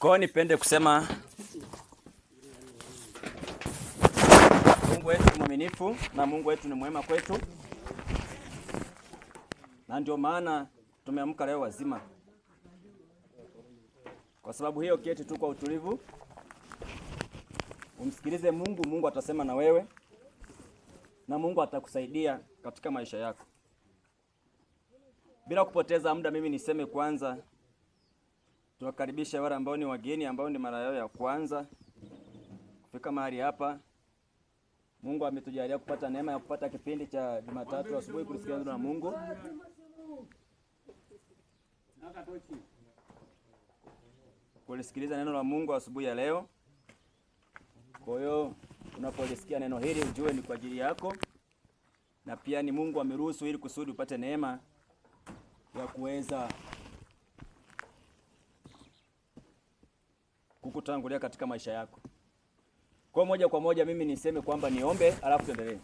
Kwa nipende kusema Mungu wetu mwaminifu na Mungu wetu ni mwema kwetu, na ndio maana tumeamka leo wazima. Kwa sababu hiyo, keti tu kwa utulivu, umsikilize Mungu. Mungu atasema na wewe na Mungu atakusaidia katika maisha yako. Bila kupoteza muda, mimi niseme kwanza tuwakaribisha wale ambao ni wageni, ambao ni mara yao ya kwanza kufika mahali hapa. Mungu ametujalia kupata neema ya kupata kipindi cha Jumatatu asubuhi kusikia neno la Mungu. Kulisikiliza neno la Mungu asubuhi ya leo. Kwa hiyo unapolisikia neno hili ujue ni kwa ajili yako, na pia ni Mungu ameruhusu ili kusudi upate neema ya kuweza kukutangulia katika maisha yako. Kwa moja kwa moja mimi niseme kwamba niombe, alafu tuendelee.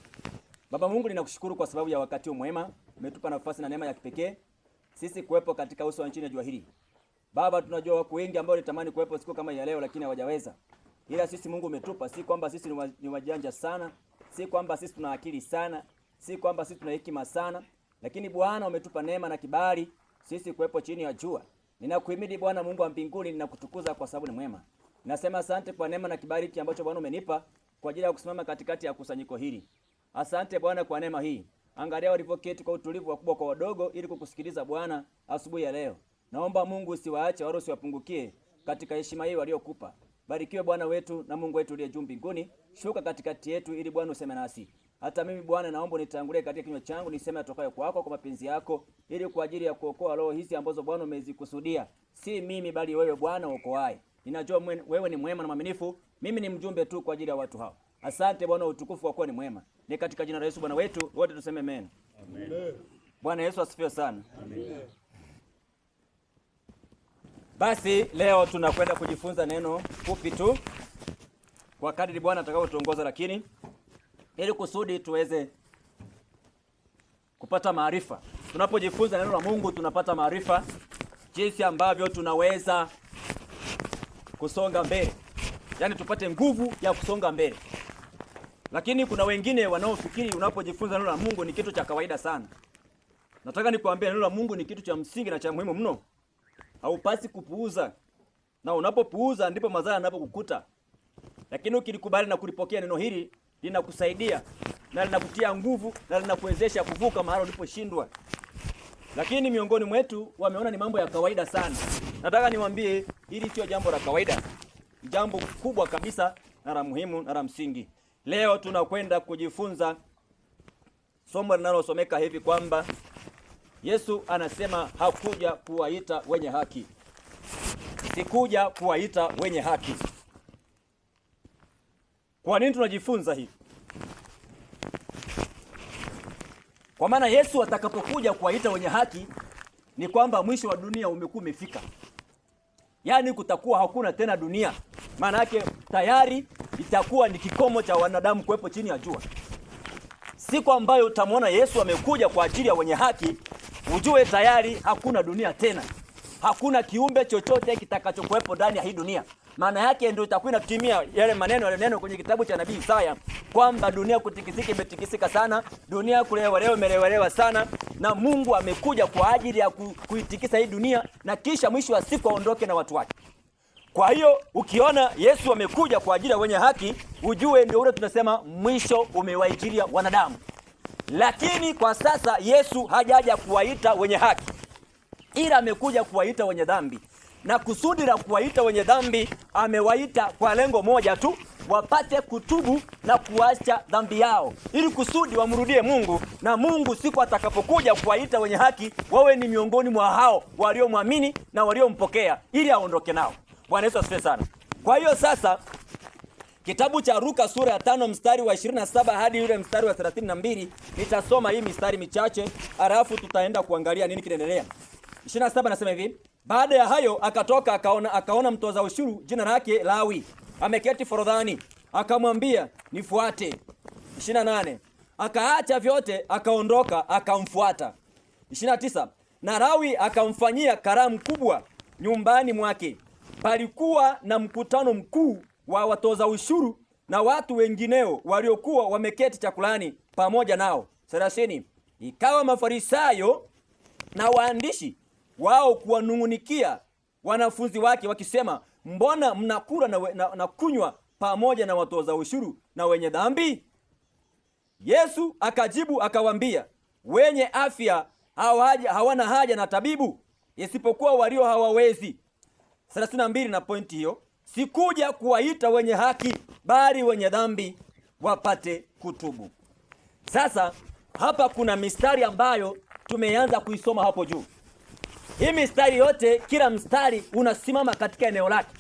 Baba Mungu, ninakushukuru kwa sababu ya wakati mwema umetupa nafasi na neema ya kipekee sisi kuwepo katika uso wa nchi ya jua hili. Baba, tunajua wako wengi ambao walitamani kuwepo siku kama ya leo, lakini hawajaweza. Ila sisi Mungu umetupa, si kwamba sisi ni wajanja sana, si kwamba sisi tuna akili sana, si kwamba sisi tuna hekima sana, lakini Bwana umetupa neema na kibali sisi kuwepo chini ya jua Ninakuhimidi Bwana Mungu wa mbinguni, ninakutukuza kwa sababu ni mwema. Nasema asante kwa neema na kibariki ambacho Bwana umenipa kwa ajili ya kusimama katikati ya kusanyiko hili. Asante Bwana kwa neema hii. Angalia walivyoketi kwa utulivu, wakubwa kwa wadogo, ili kukusikiliza Bwana asubuhi ya leo. Naomba Mungu usiwaache wala usiwapungukie katika heshima hii waliokupa. Barikiwe Bwana wetu na Mungu wetu uliye juu mbinguni. Shuka katikati yetu, ili Bwana useme nasi. Hata mimi Bwana, naomba nitangulie katika kinywa changu niseme atokayo kwako kwa mapenzi yako, ili kwa ajili ya kuokoa roho hizi ambazo Bwana umezikusudia, si mimi bali wewe Bwana uokoaye. Ninajua wewe ni mwema na mwaminifu, mimi ni mjumbe tu kwa ajili ya watu hao. Asante Bwana, utukufu kwa kuwa ni mwema. Ni katika jina la Yesu Bwana wetu, wote tuseme amen. Amen. Bwana Yesu asifiwe sana. Amen. Basi leo tunakwenda kujifunza neno fupi tu kwa kadri Bwana atakavyotuongoza, lakini ili kusudi tuweze kupata maarifa. Tunapojifunza neno la Mungu tunapata maarifa jinsi ambavyo tunaweza kusonga mbele, yaani tupate nguvu ya kusonga mbele. Lakini kuna wengine wanaofikiri unapojifunza neno la Mungu ni kitu cha kawaida sana. Nataka nikuambie neno la Mungu ni kitu cha msingi na cha muhimu mno. Haupasi kupuuza, na unapopuuza ndipo madhara yanapokukuta. Lakini ukilikubali na kulipokea neno hili, linakusaidia na linakutia nguvu na linakuwezesha kuvuka mahali uliposhindwa. Lakini miongoni mwetu wameona ni mambo ya kawaida sana. Nataka niwaambie hili sio jambo la kawaida, jambo kubwa kabisa na la muhimu na la msingi. Leo tunakwenda kujifunza somo linalosomeka hivi kwamba Yesu anasema hakuja kuwaita wenye haki, sikuja kuwaita wenye haki kwa nini tunajifunza hivi? Kwa maana Yesu atakapokuja kuwaita wenye haki ni kwamba mwisho wa dunia umekuwa umefika, yaani kutakuwa hakuna tena dunia. Maana yake tayari itakuwa ni kikomo cha wanadamu kuwepo chini ya jua. Siku ambayo utamwona Yesu amekuja kwa ajili ya wenye haki, ujue tayari hakuna dunia tena, hakuna kiumbe chochote kitakachokuwepo ndani ya hii dunia maana yake ndio itakuwa inatimia yale maneno neno kwenye kitabu cha nabii Isaya kwamba dunia kutikisika imetikisika sana, dunia leo imelewa sana, na Mungu amekuja kwa ajili ya kuitikisa hii dunia na kisha mwisho wa siku aondoke na watu wake. Kwa hiyo ukiona Yesu amekuja kwa ajili ya wenye haki, ujue ndio ule tunasema mwisho umewaijilia wanadamu. Lakini kwa sasa Yesu hajaja kuwaita wenye haki, ila amekuja kuwaita wenye dhambi na kusudi la kuwaita wenye dhambi amewaita kwa lengo moja tu, wapate kutubu na kuacha dhambi yao, ili kusudi wamrudie Mungu, na Mungu siku atakapokuja kuwaita wenye haki wawe ni miongoni mwa hao waliomwamini na waliompokea, ili aondoke nao. Bwana Yesu asifiwe sana. Kwa hiyo sasa Kitabu cha ruka sura ya tano mstari wa 27 hadi yule mstari wa 32, nitasoma hii mistari michache, alafu tutaenda kuangalia nini kinaendelea. 27 nasema hivi: baada ya hayo akatoka akaona, akaona mtoza ushuru jina lake Lawi ameketi forodhani, akamwambia nifuate. 28 akaacha vyote akaondoka akamfuata. 29 na Lawi akamfanyia karamu kubwa nyumbani mwake, palikuwa na mkutano mkuu wa watoza ushuru na watu wengineo waliokuwa wameketi chakulani pamoja nao. 30 ikawa Mafarisayo na waandishi wao kuwanung'unikia wanafunzi wake wakisema, mbona mnakula na, na, na kunywa pamoja na watoza ushuru na wenye dhambi? Yesu akajibu akawambia, wenye afya hawaja, hawana haja na tabibu, isipokuwa walio hawawezi. 32 na pointi hiyo, sikuja kuwaita wenye haki bali wenye dhambi wapate kutubu. Sasa hapa kuna mistari ambayo tumeanza kuisoma hapo juu. Hii mistari yote, kila mstari unasimama katika eneo lake,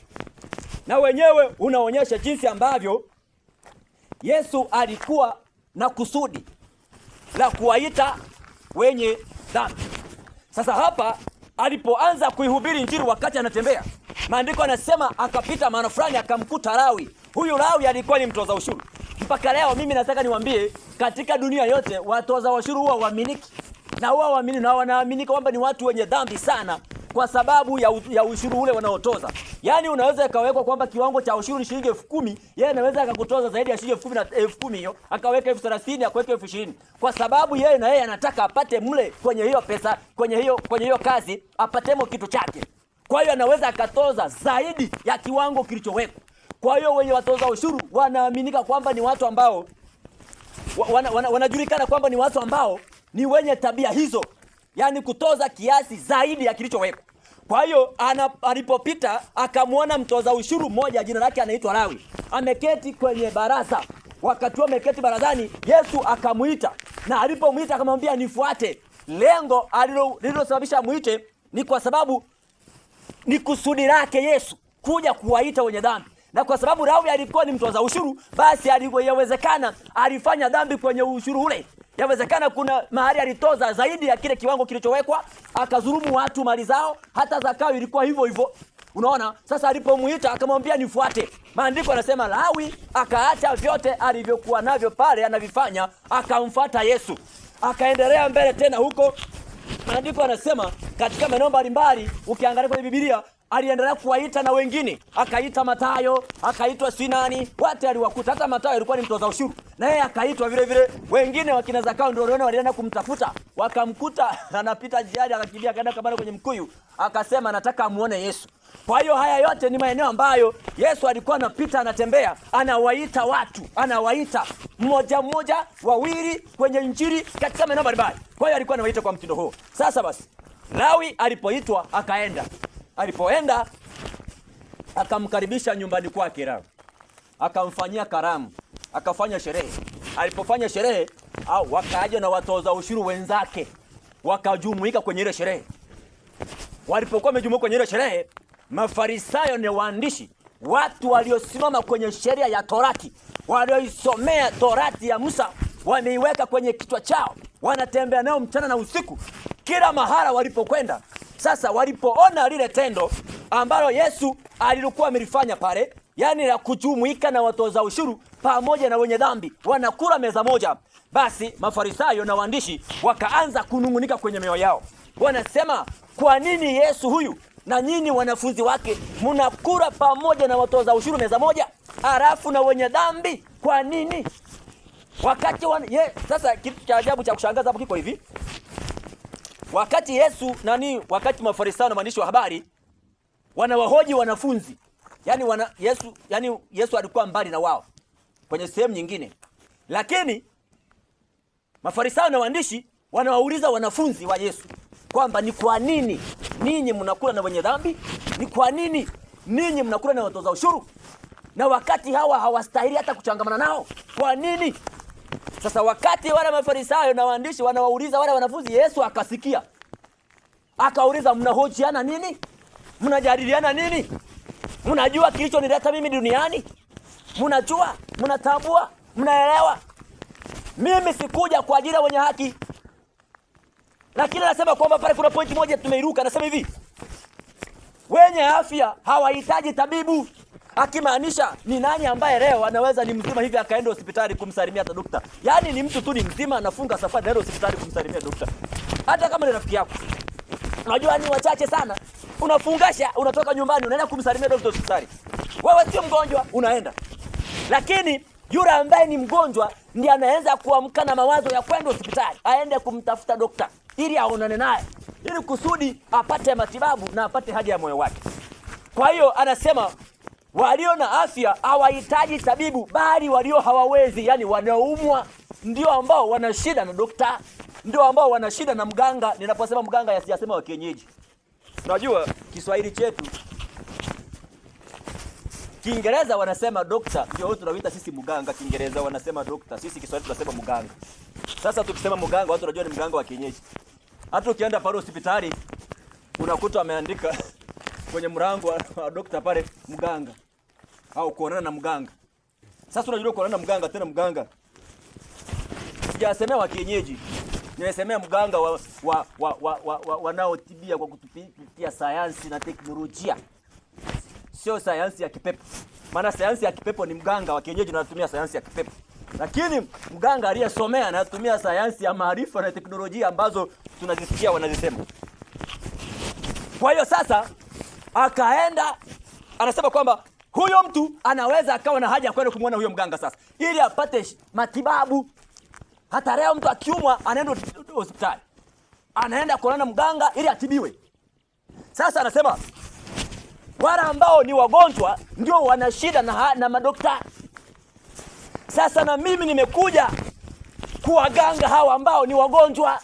na wenyewe unaonyesha jinsi ambavyo Yesu alikuwa na kusudi la kuwaita wenye dhambi. Sasa hapa alipoanza kuihubiri njiri wakati anatembea, maandiko anasema akapita maana fulani akamkuta Lawi. Huyu Lawi alikuwa ni mtoza ushuru. Mpaka leo mimi nataka niwambie katika dunia yote watoza ushuru huwa waminiki na wao waamini na wanaamini kwamba ni watu wenye dhambi sana kwa sababu ya, u, ya ushuru ule wanaotoza. Yaani unaweza ikawekwa kwamba kiwango cha ushuru ni shilingi elfu kumi yeye anaweza akakutoza zaidi ya shilingi elfu kumi na elfu kumi hiyo akaweka elfu thelathini akaweka elfu ishirini kwa sababu yeye na yeye anataka apate mle kwenye hiyo pesa kwenye hiyo kwenye hiyo kazi apatemo kitu chake. Kwa hiyo anaweza akatoza zaidi ya kiwango kilichowekwa. Kwa hiyo wenye watoza ushuru wanaaminika kwamba ni watu ambao wanajulikana wana, wana, wana kwamba ni watu ambao ni wenye tabia hizo, yani kutoza kiasi zaidi ya kilichowekwa. Kwa hiyo alipopita akamwona mtoza ushuru mmoja, jina lake anaitwa Lawi, ameketi kwenye baraza. Wakati huo ameketi barazani, Yesu akamwita, na alipomwita akamwambia, nifuate. Lengo alilosababisha amwite ni kwa sababu ni kusudi lake Yesu kuja kuwaita wenye dhambi na kwa sababu Lawi alikuwa ni mtoza ushuru, basi aliyewezekana alifanya dhambi kwenye ushuru ule, Yawezekana kuna mahali alitoza zaidi ya kile kiwango kilichowekwa, akazurumu watu mali zao. Hata zakao ilikuwa hivyo hivyo. Unaona, sasa alipomuita akamwambia nifuate. Maandiko anasema Lawi akaacha vyote alivyokuwa navyo pale anavifanya, akamfuata Yesu, akaendelea mbele tena huko. Maandiko anasema katika maeneo mbalimbali, ukiangalia kwenye bibilia aliendelea kuwaita na wengine, akaita Matayo, akaitwa Sinani, wate aliwakuta. Hata Matayo alikuwa ni mtoza ushuru, na yeye akaitwa vile vile. Wengine wakina Zakao ndio waliona, walienda kumtafuta, wakamkuta anapita jiari, akakimbia akaenda kabana kwenye mkuyu, akasema nataka amuone Yesu. Kwa hiyo haya yote ni maeneo ambayo Yesu alikuwa anapita, anatembea, anawaita watu, anawaita mmoja mmoja, wawili kwenye Injili, katika maeneo mbalimbali. Kwa hiyo alikuwa anawaita kwa mtindo huo. Sasa basi, Lawi alipoitwa akaenda Alipoenda akamkaribisha nyumbani kwake ra akamfanyia karamu, akafanya sherehe. Alipofanya sherehe, au wakaja na watoza ushuru wenzake, wakajumuika kwenye ile sherehe. Walipokuwa wamejumuika kwenye ile sherehe, Mafarisayo ni waandishi, watu waliosimama kwenye sheria ya Torati, walioisomea Torati ya Musa, wameiweka kwenye kichwa chao, wanatembea nayo mchana na usiku, kila mahala walipokwenda sasa walipoona lile tendo ambalo Yesu alilikuwa amelifanya pale, yaani la kujumuika na watoza ushuru pamoja na wenye dhambi wanakula meza moja, basi Mafarisayo na waandishi wakaanza kunung'unika kwenye mioyo yao, wanasema kwa nini Yesu huyu na nyinyi wanafunzi wake mnakula pamoja na watoza ushuru meza moja, halafu na wenye dhambi? Kwa nini wakati wan... Ye, sasa kitu cha ajabu cha kushangaza hapo kiko hivi Wakati Yesu nani, wakati Mafarisayo na waandishi wa habari wanawahoji wanafunzi yani wana, Yesu, yani Yesu alikuwa mbali na wao kwenye sehemu nyingine, lakini Mafarisayo na waandishi wanawauliza wanafunzi wa Yesu kwamba ni kwa nini ninyi mnakula na wenye dhambi? Ni kwa nini ninyi mnakula na watoza ushuru, na wakati hawa hawastahili hata kuchangamana nao? Kwa nini? Sasa wakati wale mafarisayo na waandishi wanawauliza wale wanafunzi, Yesu akasikia, akauliza mnahojiana nini? Mnajadiliana nini? Mnajua kilichonileta mimi duniani? Mnajua? Mnatambua? Mnaelewa? Mimi sikuja kwa ajili ya wenye haki, lakini anasema kwamba pale kuna pointi moja tumeiruka. Anasema hivi, wenye afya hawahitaji tabibu akimaanisha ni nani ambaye leo anaweza ni mzima hivi akaenda hospitali kumsalimia hata dokta? Yaani ni mtu tu ni mzima anafunga safari naenda hospitali kumsalimia dokta, hata kama ni rafiki yako. Unajua ni wachache sana, unafungasha, unatoka nyumbani, unaenda kumsalimia dokta hospitali. Wewe sio mgonjwa, unaenda lakini yule ambaye ni mgonjwa ndiye anaweza kuamka na mawazo ya kwenda hospitali aende kumtafuta dokta ili aonane naye ili kusudi apate matibabu na apate haja ya moyo wake. Kwa hiyo anasema Walio na afya hawahitaji tabibu, bali walio hawawezi, yani wanaumwa, ndio ambao wana shida na dokta, ndio ambao wana shida na mganga. Ninaposema mganga, yasiyasema wa kienyeji. Unajua Kiswahili chetu Kiingereza wanasema dokta, ndio wao tunaita sisi mganga. Kiingereza wanasema dokta, sisi Kiswahili tunasema mganga. Sasa tukisema mganga, watu wanajua ni mganga wa kienyeji. Hata ukienda pale hospitali unakuta ameandika kwenye mrango wa dokta pale mganga au kuonana na mganga. Sasa unajua kuonana na mganga tena mganga. Sijasemea wa kienyeji. Nimesemea mganga wa wa wa wa wanaotibia wa kwa kutupitia sayansi na teknolojia. Sio sayansi ya kipepo. Maana sayansi ya kipepo ni mganga wa kienyeji anatumia sayansi ya kipepo. Lakini mganga aliyesomea anatumia sayansi ya maarifa na teknolojia ambazo tunazisikia wanazisema. Kwa hiyo sasa akaenda anasema kwamba huyo mtu anaweza akawa na haja ya kwenda kumwona huyo mganga sasa, ili apate matibabu. Hata leo mtu akiumwa anaenda hospitali, anaenda kuonana mganga ili atibiwe. Sasa anasema wale ambao ni wagonjwa ndio wana shida na, na madokta. Sasa na mimi nimekuja kuwaganga hawa ambao ni wagonjwa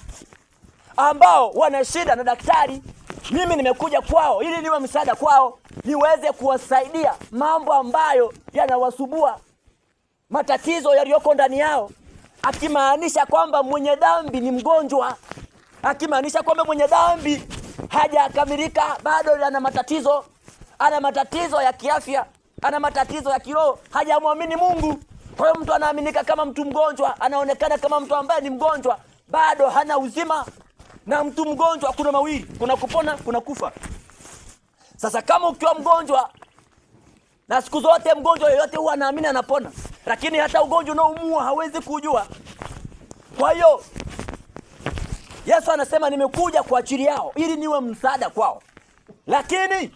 ambao wana shida na daktari. Mimi nimekuja kwao ili niwe msaada kwao niweze kuwasaidia mambo ambayo yanawasubua, matatizo yaliyoko ndani yao, akimaanisha kwamba mwenye dhambi ni mgonjwa, akimaanisha kwamba mwenye dhambi hajakamilika bado, ana matatizo, ana matatizo ya kiafya, ana matatizo ya kiroho, hajamwamini Mungu. Kwa hiyo mtu anaaminika kama mtu mgonjwa, anaonekana kama mtu ambaye ni mgonjwa, bado hana uzima. Na mtu mgonjwa kuna mawili, kuna kupona, kuna kufa. Sasa kama ukiwa mgonjwa na siku zote mgonjwa yoyote huwa anaamini anapona, lakini hata ugonjwa unaoumua hawezi kujua. Kwa hiyo Yesu anasema nimekuja kwa ajili yao ili niwe msaada kwao, lakini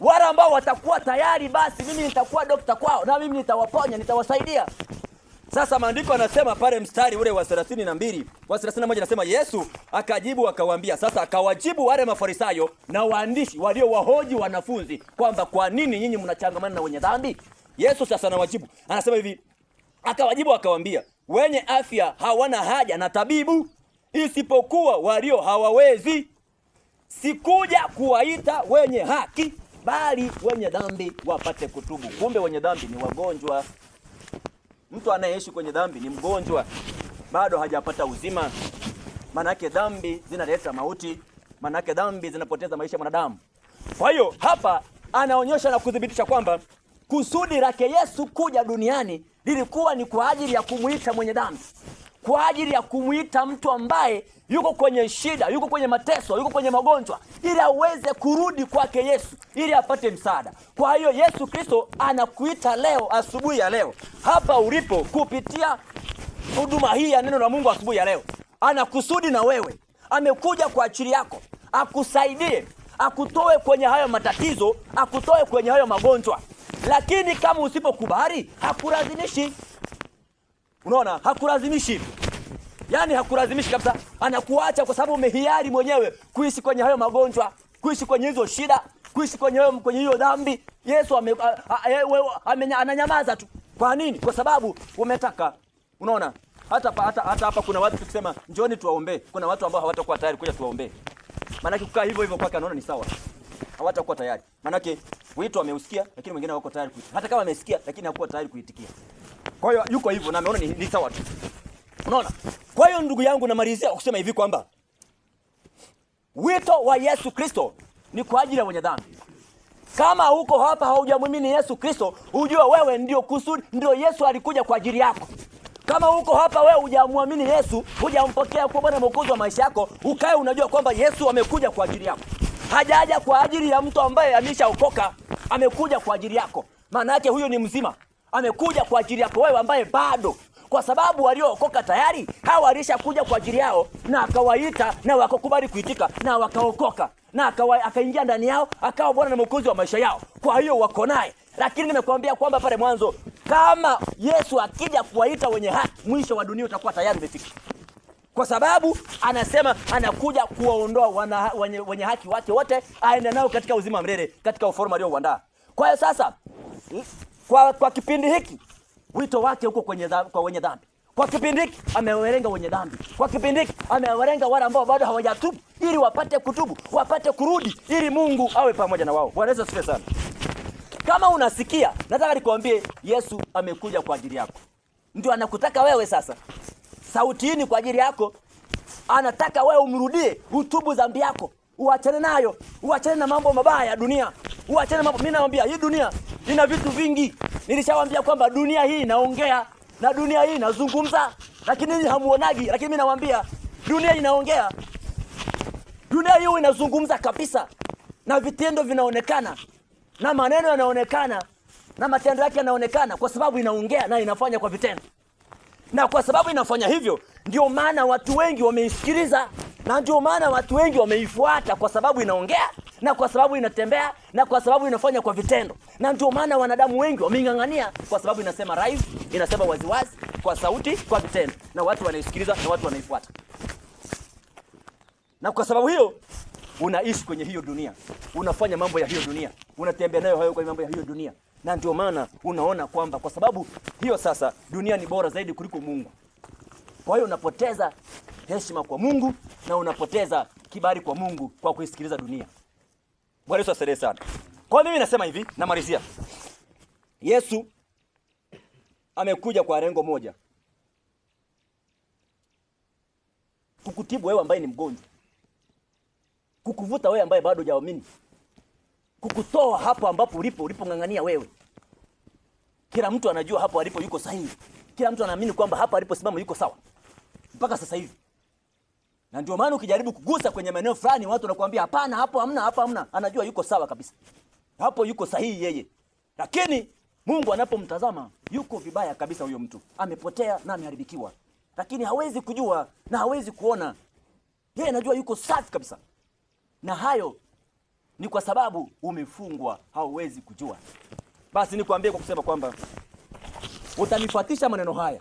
wale ambao watakuwa tayari, basi mimi nitakuwa dokta kwao, na mimi nitawaponya, nitawasaidia. Sasa maandiko anasema pale mstari ule wa 32 wa 31 anasema Yesu akajibu akawaambia, sasa akawajibu wale Mafarisayo na waandishi walio wahoji wanafunzi kwamba kwa nini nyinyi mnachangamana na wenye dhambi? Yesu sasa anawajibu, anasema hivi, akawajibu akawaambia, wenye afya hawana haja na tabibu, isipokuwa walio hawawezi. Sikuja kuwaita wenye haki, bali wenye dhambi wapate kutubu. Kumbe wenye dhambi ni wagonjwa. Mtu anayeishi kwenye dhambi ni mgonjwa, bado hajapata uzima. Maanake dhambi zinaleta mauti, maanake dhambi zinapoteza maisha ya mwanadamu. Kwa hiyo hapa anaonyesha na kuthibitisha kwamba kusudi lake Yesu kuja duniani lilikuwa ni kwa ajili ya kumwita mwenye dhambi kwa ajili ya kumwita mtu ambaye yuko kwenye shida, yuko kwenye mateso, yuko kwenye magonjwa, ili aweze kurudi kwake Yesu ili apate msaada. Kwa hiyo Yesu Kristo anakuita leo, asubuhi ya leo, hapa ulipo, kupitia huduma hii ya neno la Mungu asubuhi ya leo, anakusudi na wewe. Amekuja kwa ajili yako, akusaidie, akutoe kwenye hayo matatizo, akutoe kwenye hayo magonjwa. Lakini kama usipokubali, hakulazimishi Unaona, hakulazimishi yaani, hakulazimishi kabisa, anakuacha kwa sababu umehiari mwenyewe kuishi kwenye hayo magonjwa, kuishi kwenye hizo shida, kuishi kwenye hayo, kwenye hiyo dhambi. Yesu ame, e, ananyamaza tu. Kwa nini? Kwa sababu umetaka. Unaona, hata pa, hata hata hapa kuna watu tukisema njoni tuwaombe. kuna watu ambao hawatakuwa tayari kuja tuwaombe. Maana kukaa hivyo hivyo kwake anaona ni sawa hawatakuwa tayari, maanake wito ameusikia, lakini wengine hawako tayari kuitikia. Hata kama amesikia, lakini hakuwa tayari kuitikia. Kwa hiyo yuko hivyo na ameona ni, ni sawa tu. Unaona? Kwa hiyo ndugu yangu namalizia kwa kusema hivi kwamba wito wa Yesu Kristo ni kwa ajili ya wenye dhambi. Kama uko hapa haujamwamini Yesu Kristo, ujue wewe ndio kusudi, ndio Yesu alikuja kwa ajili yako. Kama uko hapa wewe hujamwamini Yesu, hujampokea kuwa Bwana Mwokozi wa maisha yako, ukae unajua kwamba Yesu amekuja kwa ajili yako. Hajaja kwa ajili ya mtu ambaye ameshaokoka, amekuja kwa ajili yako. Maana yake huyo ni mzima amekuja kwa ajili yako wewe ambaye bado, kwa sababu waliookoka tayari hawa alishakuja kwa ajili yao na akawaita na wakakubali kuitika na wakaokoka na akaingia ndani yao akawa Bwana na Mwokozi wa maisha yao. Kwa hiyo wako naye, lakini nimekuambia kwamba pale mwanzo, kama Yesu akija kuwaita wenye haki, mwisho wa dunia utakuwa tayari umefika, kwa sababu anasema anakuja kuwaondoa wenye, wenye haki wake wote, aende nao katika uzima wa katika ufalme aliouandaa Kwa hiyo sasa kwa, kwa kipindi hiki wito wake huko kwenye dha, kwa wenye dhambi. Kwa kipindi hiki amewalenga wenye dhambi, kwa kipindi hiki amewalenga wale ambao bado hawajatubu, ili wapate kutubu, wapate kurudi, ili Mungu awe pamoja na wao. Bwana Yesu asifiwe sana. Kama unasikia, nataka nikwambie, Yesu amekuja kwa ajili yako, ndio anakutaka wewe sasa. Sauti hii ni kwa ajili yako, anataka wewe umrudie, utubu dhambi yako, uachane nayo, uachane na mambo mabaya ya dunia, uachane mambo. Mimi naambia hii dunia ina vitu vingi. Nilishawambia kwamba dunia hii inaongea na dunia hii inazungumza, lakini ninyi hamuonagi. Lakini mimi nawaambia dunia inaongea, dunia hii inazungumza kabisa, na vitendo vinaonekana na maneno yanaonekana na matendo yake yanaonekana, kwa sababu inaongea na inafanya kwa vitendo na kwa sababu inafanya hivyo, ndio maana watu wengi wameisikiliza, na ndio maana watu wengi wameifuata, kwa sababu inaongea na kwa sababu inatembea na kwa sababu inafanya kwa vitendo, na ndio maana wanadamu wengi wameing'ang'ania, kwa sababu inasema live inasema waziwazi kwa sauti, kwa vitendo, na watu wanaisikiliza na watu wanaifuata. Na kwa sababu hiyo unaishi kwenye hiyo dunia, unafanya mambo ya hiyo dunia, unatembea nayo hayo kwa mambo ya hiyo dunia, na ndio maana unaona kwamba kwa sababu hiyo sasa dunia ni bora zaidi kuliko Mungu. Kwa hiyo unapoteza heshima kwa Mungu na unapoteza kibari kwa Mungu kwa kuisikiliza dunia. Bwana Yesu asifiwe sana. Kwa mimi nasema hivi, namalizia. Yesu amekuja kwa lengo moja, kukutibu wewe ambaye ni mgonjwa, kukuvuta wewe ambaye bado hujaamini kukutoa hapo ambapo ulipo ulipong'ang'ania wewe. Kila mtu anajua hapo alipo yuko sahihi. Kila mtu anaamini kwamba hapo aliposimama yuko sawa. Mpaka sasa hivi. Na ndio maana ukijaribu kugusa kwenye maeneo fulani watu wanakuambia hapana, hapo hamna, hapo hamna. Anajua yuko sawa kabisa. Hapo yuko sahihi yeye. Lakini Mungu anapomtazama yuko vibaya kabisa huyo mtu. Amepotea na ameharibikiwa. Lakini hawezi kujua na hawezi kuona. Yeye anajua yuko safi kabisa. Na hayo ni kwa sababu umefungwa, hauwezi kujua. Basi nikwambie kwa kusema kwamba utanifuatisha maneno haya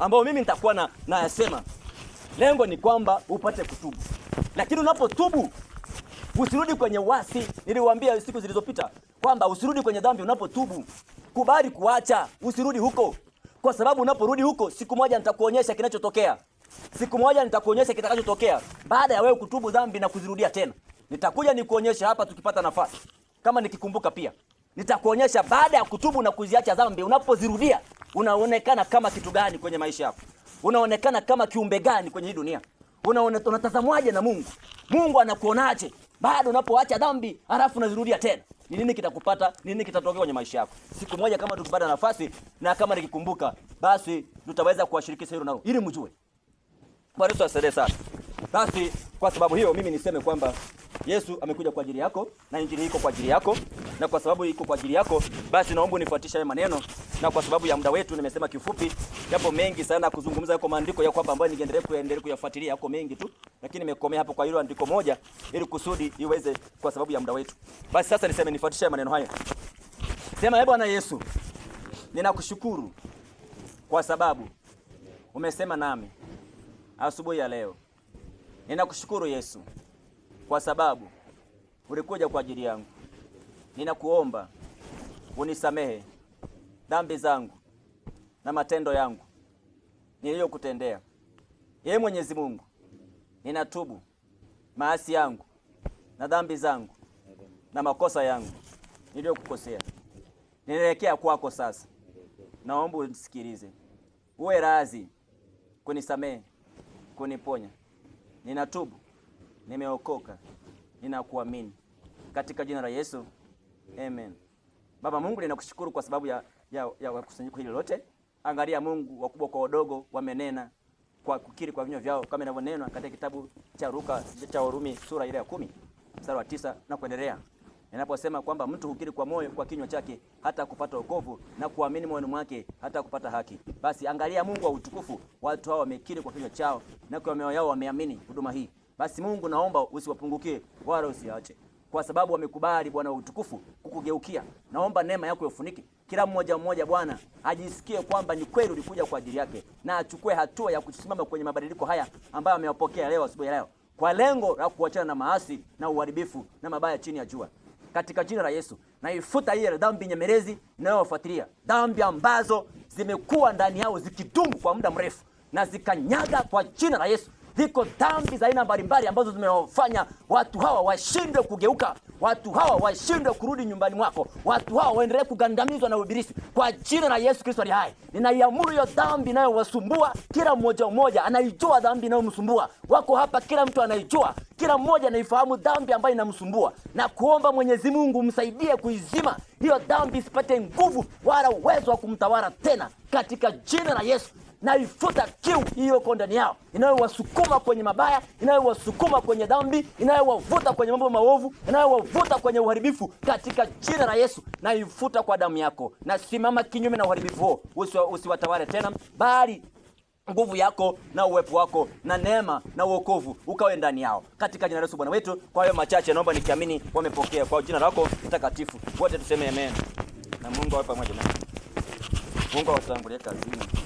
ambayo mimi nitakuwa na nayasema, lengo ni kwamba upate kutubu, lakini unapotubu usirudi kwenye wasi. Niliwaambia siku zilizopita kwamba usirudi kwenye dhambi. Unapotubu kubali kuacha, usirudi huko, kwa sababu unaporudi huko, siku moja nitakuonyesha kinachotokea, siku moja nitakuonyesha kitakachotokea baada ya wewe kutubu dhambi na kuzirudia tena. Nitakuja nikuonyesha hapa tukipata nafasi, kama nikikumbuka pia nitakuonyesha baada ya kutubu na kuziacha dhambi, unapozirudia unaonekana kama kitu gani kwenye maisha yako, unaonekana kama kiumbe gani kwenye hii dunia, unatazamwaje na Mungu, Mungu anakuonaje baada unapoacha dhambi halafu unazirudia tena. Ni nini kitakupata? Ni nini kitatokea kwenye maisha yako? Siku moja kama tukipata nafasi na kama nikikumbuka, basi tutaweza kuwashirikisha hilo nalo, ili mjue. Bwana Yesu sana. Basi kwa sababu hiyo mimi niseme kwamba Yesu amekuja kwa ajili yako na injili iko kwa ajili yako, na kwa sababu iko kwa ajili yako, basi naomba unifuatishe haya maneno. Na kwa sababu ya muda wetu, nimesema kifupi, japo mengi sana kuzungumza kwa maandiko ya kwamba ambayo ningeendelea kuendelea kuyafuatilia yako mengi tu, lakini nimekomea hapo kwa hilo andiko moja, ili kusudi iweze, kwa sababu ya muda wetu. Basi sasa niseme, nifuatishe maneno haya, sema: Ee Bwana Yesu, ninakushukuru kwa sababu umesema nami asubuhi ya leo. Ninakushukuru Yesu kwa sababu ulikuja kwa ajili yangu. Ninakuomba unisamehe dhambi zangu na matendo yangu niliyokutendea. Ee Mwenyezi Mungu, ninatubu maasi yangu na dhambi zangu na makosa yangu niliyokukosea. Ninaelekea kwako sasa, naomba unisikilize, uwe razi kunisamehe, kuniponya. Ninatubu nimeokoka, ninakuamini katika jina la Yesu, amen. Baba Mungu, ninakushukuru kwa sababu ya, ya, ya kusanyiko hili lote. Angalia Mungu, wakubwa kwa wadogo wamenena kwa kukiri kwa vinywa vyao kama inavyonenwa katika kitabu cha Luka cha Warumi sura ile ya kumi mstari wa tisa na kuendelea, inaposema kwamba mtu hukiri kwa moyo kwa kinywa chake hata kupata wokovu na kuamini moyoni mwake hata kupata haki. Basi angalia Mungu wa utukufu, watu hao wamekiri kwa kinywa chao na kwa mioyo yao wameamini huduma hii basi Mungu naomba usiwapungukie wala usiache, kwa sababu wamekubali Bwana utukufu kukugeukia. Naomba neema yako ifunike kila mmoja mmoja, Bwana ajisikie kwamba ni kweli ulikuja kwa ajili yake, na achukue hatua ya kusimama kwenye mabadiliko haya ambayo ameyapokea leo asubuhi leo, kwa lengo la kuachana na maasi na uharibifu na mabaya chini ya jua katika jina la Yesu naifuta ile dhambi nyemelezi inayowafuatilia, dhambi ambazo zimekuwa ndani yao zikidumu kwa muda mrefu na zikanyaga, kwa jina la Yesu. Ziko dhambi za aina mbalimbali ambazo zimewafanya watu hawa washindwe kugeuka, watu hawa washindwe kurudi nyumbani mwako, watu hawa waendelee kugandamizwa na ibilisi. Kwa jina la Yesu Kristo aliye hai, ninaiamuru hiyo dhambi inayowasumbua kila mmoja mmoja, anaijua dhambi inayomsumbua. Wako hapa, kila mtu anaijua, kila mmoja anaifahamu dhambi ambayo inamsumbua, na kuomba Mwenyezi Mungu msaidie kuizima hiyo dhambi, isipate nguvu wala uwezo wa kumtawala tena, katika jina la Yesu naifuta kiu iliyoko ndani yao inayowasukuma kwenye mabaya, inayowasukuma kwenye dhambi, inayowavuta kwenye mambo maovu, inayowavuta kwenye uharibifu, katika jina la Yesu naifuta kwa damu yako. Nasimama kinyume na uharibifu huo, usiwatawale tena, bali nguvu yako na uwepo wako na neema na uokovu ukawe ndani yao katika jina la Yesu Bwana wetu. Kwa hayo machache, naomba nikiamini wamepokea kwa jina lako takatifu. Wote tuseme amen, na Mungu awe pamoja nasi. Mungu awatangulie kazini.